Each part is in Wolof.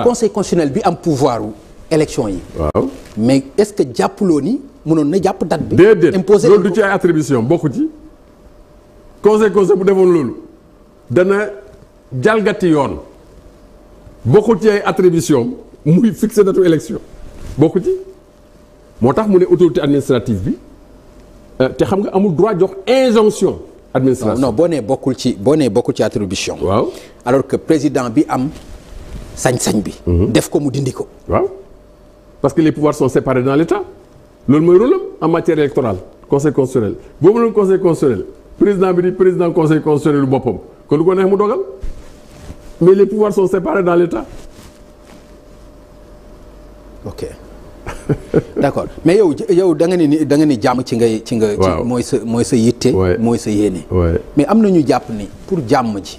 conseil constitutionnel bi am pouvoir wu élection yi. mais est-ce que jàppuloo ni mënoon na jàpp date bi. déedéet loolu du ci ay attribution bokku ci. conseil bu defoon loolu dana jalgati yoon bokku ci ay attribution muy fixé datu élection bokku ci moo tax mu ne autorité administrative bi euh, te xam nga amul droit jox injonction. administration non boo nee bokkul ci boo nee bokkul ci attribution. waaw alors que président bi am. sañ-sañ bi. Mhm. def ko mu dindi ko. waaw parce que les pouvoirs sont séparés dans l'État loolu mooy rôle am en matière électorale conseil constitutionnel boobu noonu conseil constitutionnel président bi di président conseil constitutionnel boppam ko lu ko neex mu dogal mais les pouvoirs sont séparés dans l'État. ok d'accord mais yow yow da nga ni da nga jàmm ci ngay. ci nga ci mooy sa mooy sa yitte. mooy sa yéene. mais am na ñu jàpp ni pour jàmm ci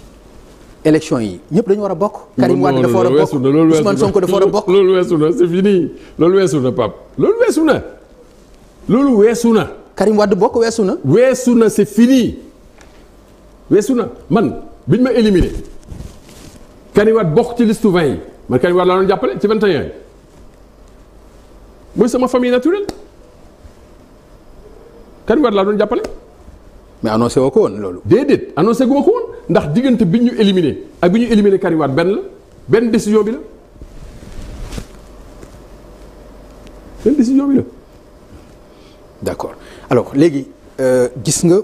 élection yi ñëpp dañu war a bokk. Karim Wade dafa war a bokk Ousmane Sonko a bokk. loolu weesu na c'est fini loolu weesu na Pape loolu weesu na loolu weesu na. Karim Wade bokk weesu na. weesu na c'est fini weesu na man biñ ma éliminé Karim Wade bokk ci liste 20 yi man Karim Wade laa doon jàppale ci 21 yi mooy mais annoncé woo ko woon loolu. déedéet annoncé gu ma ko ndax diggante bi ñu éliminé ak bi ñu éliminé Karim benn la benn décision bi la benn décision bi la. d'accord alors léegi euh, gis nga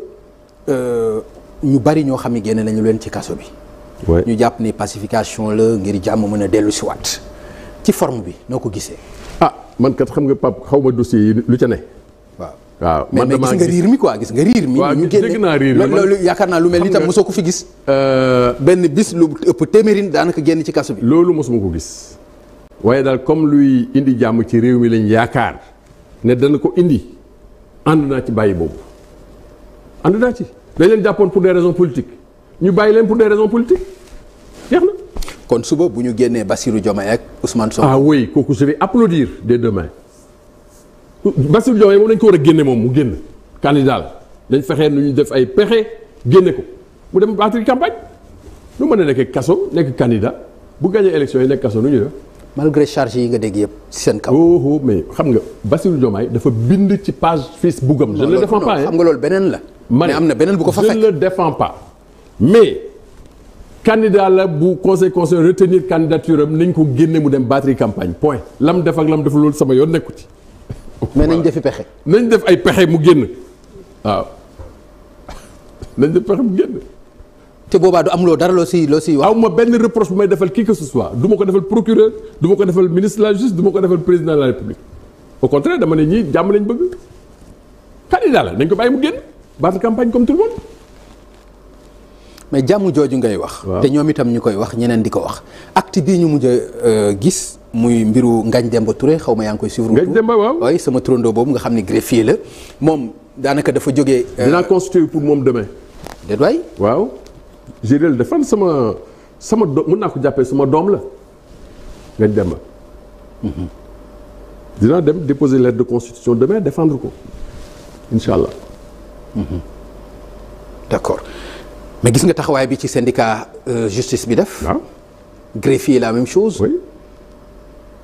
euh, ñu bari ñoo xam ne génne nañu leen ci kaso bi. ñu jàpp ni pacification la ngir jàmm mën a dellu waat ci forme bi noo ko gisee. ah man kat xam nga Pape xaw ma dossier yi lu ca ne. waaw man mais gis nga riir mi quoi gis nga riir mi. waaw dégg naa riir mi loolu yaakaar naa lu mel ni tam mosoo ko fi gis. Euh, benn bis lu ëpp téeméerin daanaka génn ci kaso bi. loolu mosuma ko gis. waaye daal comme luy indi jàmm ci réew mi lañ yaakaar ne dana ko indi ànd naa ci bàyyi boobu ànd naa ci dañ leen jàppoon pour des raisons politiques ñu bàyyi leen pour des raisons politiques jeex na. kon suba bu ñu génnee Bassirou Diomaye ak Ousmane Sonko. ah oui kooku je vais applaudir Bassirou Diomaye moom dañ ko war a génne moom mu génn candidat la dañ fexee nu ñu def ay pexe génne ko mu dem battre campagne lu mën a nekk kaso nekk candidat bu gagné élection yi nekk kaso nu ñu def. malgré charge yi nga dégg yëpp ci seen kaw. oh, oh mais xam nga Bassirou Diomaye dafa bind ci page Facebook am. je ne le défends pas xam nga loolu beneen la. mais am beneen bu ko fa fekk je le défends pas mais. candidat la bu conseil conseil retenir candidature am nañ ko génne mu dem battre campagne point lam def ak lam def loolu sama yoon nekku ci. mais nañ defi pexe. nañ def ay pexe mu génn waaw nañ def pexe mu génn. te boobaa du am loo dara loo si loo si wax. aw ma benn reproche bu may defal qui que ce soit duma ko defal procureur du ma ko defal ministre la justice duma ma ko defal président de la république au contraire dama ne ñii jàmm lañ bëgg candidat la nañ ko bàyyi mu génn battre campagne comme tout le mais jàmm jooju ngay wax. te ñoom itam ñu koy wax ñeneen di ko wax. acte bii ñu mujj a euh, gis muy mbiru Ngagne Demba toure xaw ma yaa ngi koy suivre. Ngagne Demba waaw waaye sama turandoo boobu nga xam ne greffier la moom daanaka dafa jógee. Euh, dinaa constituer pour moom demain. déet waay waaw. Jérel defan sama sama do mën naa ko jàppee sama doom la Ngagne Demba. Mhm. dinaa dem déposer lettre de constitution demain défendre ko incha allah. Mhm. d' mais gis nga taxawaay bi ci syndicat euh, justice bi def. waaw greffier la même chose. oui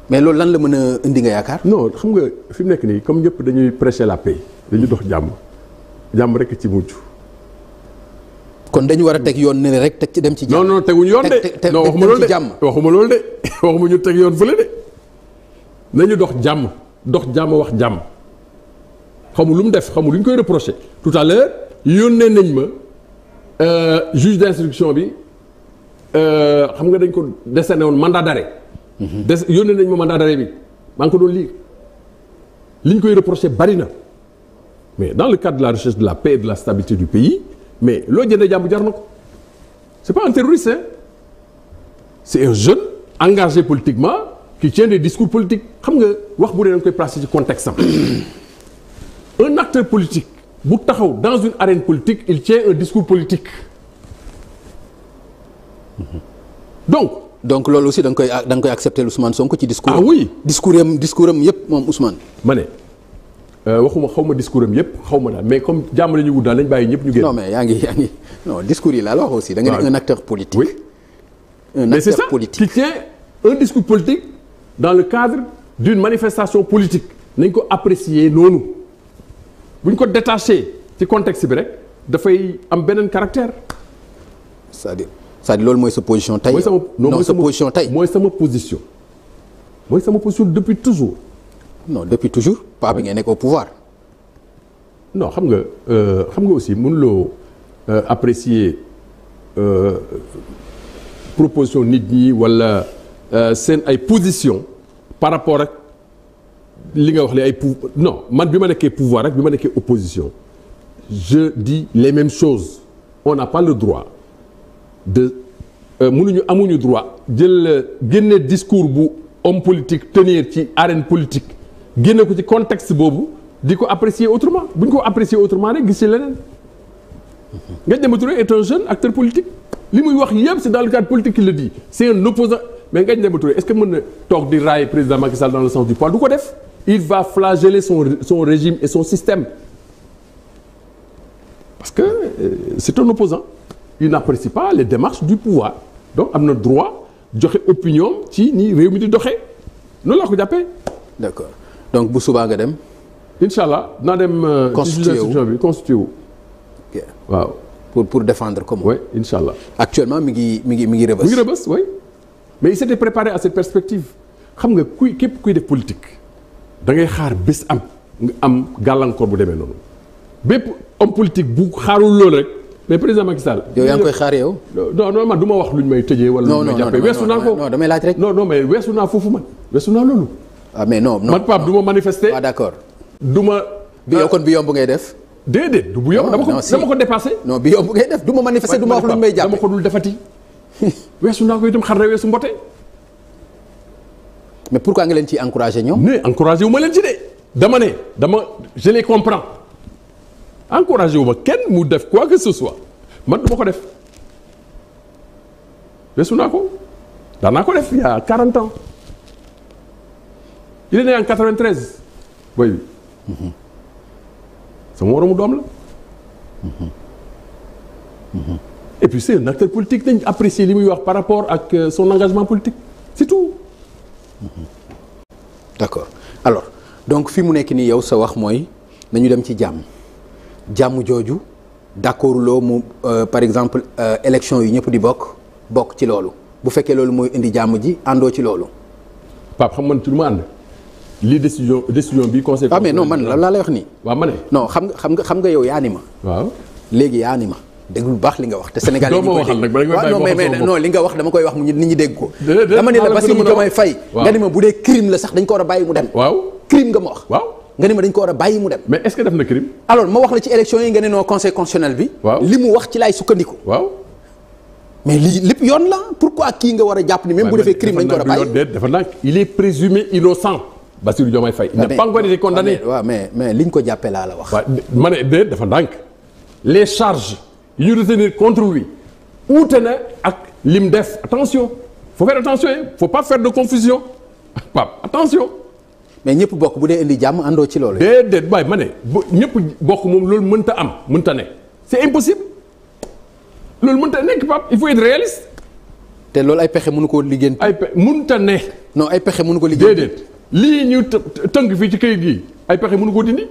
mais loolu lan la mën a indi nga yaakaar. non xam nga fi mu nekk nii comme ñëpp dañuy prêcher la paix. dañu dox jàmm jàmm rek ci mujj. kon dañu war a teg yoon ne rek teg ci dem ci. jàmm non non teguñu yoon de. non waxuma loolu de waxuma loolu de waxuma ñu teg yoon fële de. nañu dox jàmm dox jàmm wax jàmm xamu lu mu def xamu lu ñu koy reproché tout à l'heure yónnee nañ ma. Euh, juge d'instruction bi euh, xam nga dañ ko décerné woon mandat d'arrêt. Mhm. des yónnee nañ ma mandat d'arrêt bi maa ngi ko doon lire li ñu koy reproché bari na mais dans le cadre de la recherche de la paix et de la stabilité du pays mais loo jëndee jàmm jar na ko c'est pas un terroriste hein c'est un jeune engagé politiquement qui tient des discours politiques xam nga wax bu dee dañ koy placer ci contexte am un acteur politique. bu taxaw dans une arène politique il tient un discours politique donc. donc loolu aussi da nga koy da nga koy accepter Ousmane Sonko ci discours. ah oui discours am discours am yëpp moom Ousmane. ma ne euh, waxuma xaw ma discours am yëpp xaw ma daal mais comme jàmm la wut daal nañ bàyyi ñëpp ñu génn. non mais yaa ngi yaa ngi non discours yi laa la wax aussi. da nga ne un acteur politique. oui un mais acteur politique mais dans le cadre d'une manifestation politique nañ ko apprécier noonu. bu ñu ko détaché ci contexte bi rek dafay am beneen caractère. c'est-à-dire cest loolu mooy sa position tey. mooy sama non position tey. mooy sama position mooy sama position depuis toujours. non depuis toujours pas bi ngay nekk au pouvoir. non xam nga euh, xam nga aussi mënuloo euh, apprécier euh, proposition nit ñi walla euh, seen ay position par rapport ak. li nga wax ne ay pou no man bi ma nekkee pouvoir rek bi ma nekkee opposition jeu di les mêmes choses on n'a pas le droit de euh, mënuñu amuñu droit jël euh, génne discours bu homme politique tenir ci arène politique génne ko ci contexte boobu di ko apprécier autrement bu ñu ko apprécier autrement rek gis ci leneen Ngagne Demba Touré est un jeune acteur politique li muy wax yëpp c'est dans le cadre politique qu'il le dit c'est un opposant mais Ngagne Demba Touré est-ce que mën na toog di raay président du ko def il va flageller son son régime et son système parce que euh, c'est un opposant il n'apprécie pas le démarches du pouvoir donc am na droit joxe opinion ci ni réew mi di doxee noonu laa ko jàppee. donc bu subaa nga dem. incha allah naa dem. Euh, constitué wu bi constitué wu. waaw. pour pour défendre comme. oui incha allah. actuellement mi ngi mi ngi mi ngi rëbës. mi ngi rëbës oui mais il s'était préparé à cette perspective xam nga kuy képp kuy def politique. da ngay xaar bés am am gàllankoor bu demee noonu bépp homme politique bu xaarul loolu rek mais président Macky Sall. yow yaa ngi koy xaar yow. non non man du ma wax luñ may tëjee. wala luñ may jàppee weesu naa ko non damay laaj rek. non non mais weesu naa foofu man weesu naa loolu. ah mais non non man Pape du ma manifester. waaw ah, d'accord du ma. bi yow kon bi yomb ngay def. déedéet du bu yomb dama ko ko dépassé. non bi yomb ngay def du ma ma wax luñ may jàppee dama ko dul defati weesu naa ko itam xar na weesu mbote. mais pourquoi nga leen ciy encouragé ñoom. nee encouragé wu ma leen ci de dama ne dama je les comprends encouragé wu ma kenn mu def quoi que ce soit man du ko def weesu naa ko daan ko def il y a 40 ans il est né en mhm. doom la. Mhm. Mhm. et puis c'est un acteur politique dañ apprécier li muy wax par rapport ak euh, son engagement politique surtout Mhm. d'accord alors donc fi mu nekk nii yow sa wax mooy nañu dem ci jàmm jàmm jooju d'accord loo mu euh, par exemple euh, élection yi ñëpp di bokk bokk ci loolu bu fekkee loolu mooy indi jàmm ji àndoo ci loolu. Pape xam man ci lu ma ànd lii décision bi conseil. ah mais non man la laa lay wax nii. waa ma ne. non xam nga xam nga xam nga yow yaa ni ma. léegi yaa ni ma. déglu bu baax li nga wax te Sénégal yi ñu koy dégg waaw non mais non li nga wax dama koy wax nit ñi dégg ko dama ne la Bassirou Diomaye Faye nga ni ma bu dee crime la sax dañ ko war a bàyyi mu dem waaw crime nga ma wax nga ni ma dañ ko war a bàyyi mu dem mais est-ce que def na crime alors ma wax la ci élection yi nga ne noo conseil constitutionnel bi li mu wax ci laay sukkandiku waaw mais lii lépp yoon la pourquoi kii nga war a jàpp ni même bu defee crime dañ ko war a bàyyi dafa nag il est présumé innocent ah, ah, ko jàppee laa la wax dafa ndànk les charges yu ñu retenir contre wi uute na ak lim def attention faut faire attention il faut pas faire de confusion Pape attention. mais ñëpp bokk bu dee indi jàmm àndoo ci loolu. déedéet waaye ma ne bu ñëpp bokk moom loolu mënta am mënta ne c'est impossible loolu mënta nekk Pape il faut être réaliste. te loolu ay pexe mënu ko liggéey. ay pexe mënta ne. non ay pexe mënu ko liggéey. déedéet lii ñu tënk fii ci këyit gi ay pexe mënu ko dindi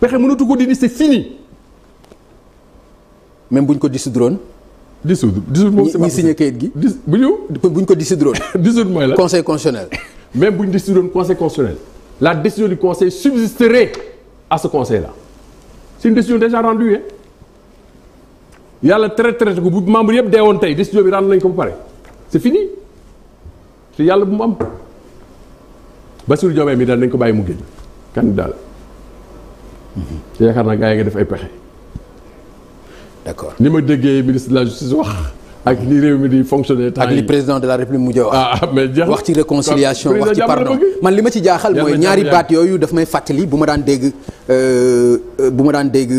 pexe mënatu ko dindi c'est même bu ñu ko dissoudroon. dissoudre dissoudre moom ñi signé kayit gi. dis bu ñu. bu ñu ko dissoudroon. dissoudre mooy la conseil constitutionnel. même bu ñu dissoudroon conseil constitutionnel la décision du conseil subsisterait à ce conseil la c'est une décision déjà rendue hein yàlla traité traité ko bu membre yëpp dee woon tey décision bi rendre nañ ko ba pare c'est fini te yàlla bu mu am Bassirou Diomaye mi daal nañ ko bàyyi mu génn candidat la. Mhm. te yaakaar naa gars yi nga def ay d'accord ni ma déggee ministre de la justice wax. ak li réew mi di fonctionner temps ak li président de la république mujjee wax. ah, ah mais wax ci réconciliation wax ci pardon man li ma ci jaaxal mooy ñaari baat yooyu daf may fàttali bu ma daan dégg euh, bu daan dégg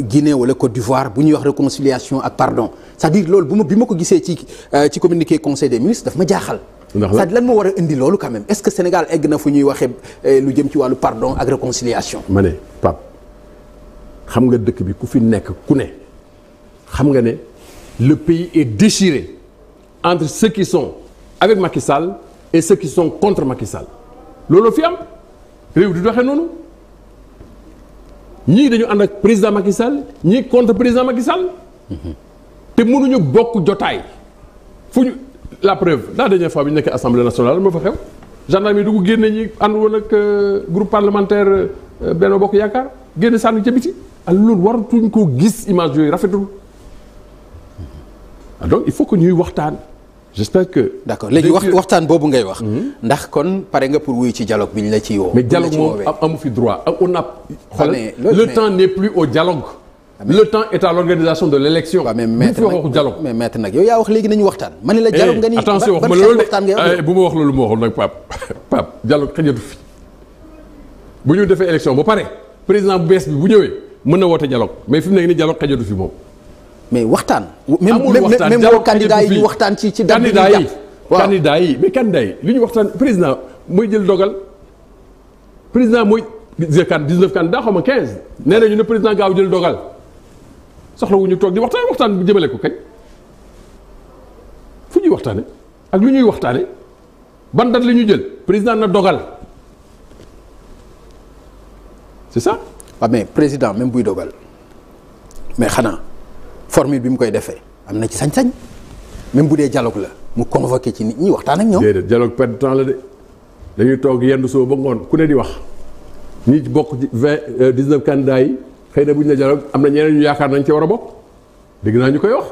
Guinée wala Côte d'Ivoire bu ñuy wax réconciliation ak pardon cest à loolu bu ma bi ma ko gisee ci euh, ci communiqué conseil des ministres daf ma jaaxal. ndax lan moo war a indi loolu quand est-ce que Sénégal egg na fu ñuy waxee euh, lu jëm ci wàllu pardon ak réconciliation. ma ne Pape xam nga dëkk bi ku fi nekk ku ne. xam nga ne le pays est déchiré entre ceux qui sont avec Macky et ceux qui sont contre makisal Sall fi am réew du doxee noonu ñii dañu ànd ak président Macky Sall ñii contre président Macky Sall te mënuñu bokk jotaay fu ñu la preuve la dernière fois bi ñu nekkee assemblée nationale moo fa xew gendarme yi dugg génne ñi ànd woon ak euh, groupe parlementaire euh, Benno Bokk Yaakaar génne sànni ca biti alors loolu waratuñ koo gis image yooyu rafetul Ah, donc il faut que ñuy waxtaan j'espère que. d'accord léegi waxtaan boobu ngay wax. Hmm. ndax kon pare nga pour wuy ci dialogue bi ñu la ci woo. mais dialogue amu fi droit ah, ah, le temps au dialogue. le temps est à de l'élection. waaw mais maître nag mais maître nag yow yaa wax léegi nañu waxtaan. ma ne la eh, dialogue nga nii attention wax ma loolu de eh, bu ma wax loolu ma waxoon nag Pape Pape dialogue fi bu ñu defee élection ba pare président bu bees bi bu ñëwee mën na woote dialogue mais fi mu nekk nii dialogue xëjatu fi moom mais waxtaan. amul waxtaan même même candidat yi ñu waxtaan ci ci. dàgg yi ñuy jàpp waaw candidat yi mais candidat yi li ñu waxtaan président mooy jël dogal président mooy dix quatre dix neuf candidat xaw ma quinze. nee nañu ne président gaaw jël dogal soxlawuñu toog di waxtaan waxtaan bu jëmale ko kañ fu ñuy waxtaane ak lu ñuy waxtaane ban date la ñuy jël président na dogal c'est ça. waaw mais président même buy dogal mais xanaa. formule bi mu koy defee am na ci sañ-sañ même bu dee dialogue la mu convoqué ci nit ñi waxtaan ak ñoom. déedéet dialogue perte temps la de dañuy toog yenn soo ba ngoon ku ne di wax ñi bokk ci vingt euh, dix neuf yi xëy na bu ñu la am na ñeneen ñu yaakaar nañ ci war a bokk dégg naa ñu koy wax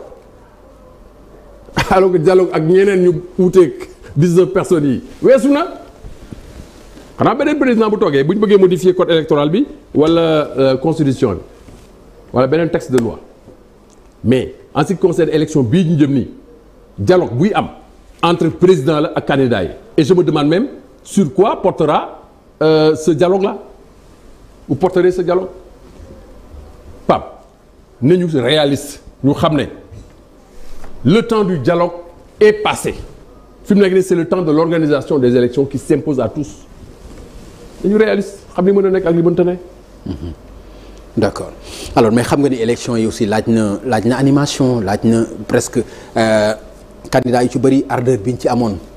alors que dialogue ak ñeneen ñu wuuteeg dix neuf yi weesu na xanaa beneen président bu toogee bu ñu bëggee modifier code électoral bi wala euh, constitution bi wala beneen text de loi. mais en ce qui concerne élection bii ñu jëm nii dialogue buy am entre président la ak candidat yi et je me demande même sur quoi portera euh, ce dialogue là vous porterez ce dialogue Pape nañu réaliste ñu xam ne le temps du dialogue est passé fi mu nekk nii c'est le temps de l'organisation des élections qui s'impose à tous dañu réaliste xam li mën a nekk ak li mënta ne d' accord alors mais xam nga ni élection yi aussi laaj na laaj na animation laaj na presque euh, candidat yu ci bëri ardeur bi ñu ci amoon.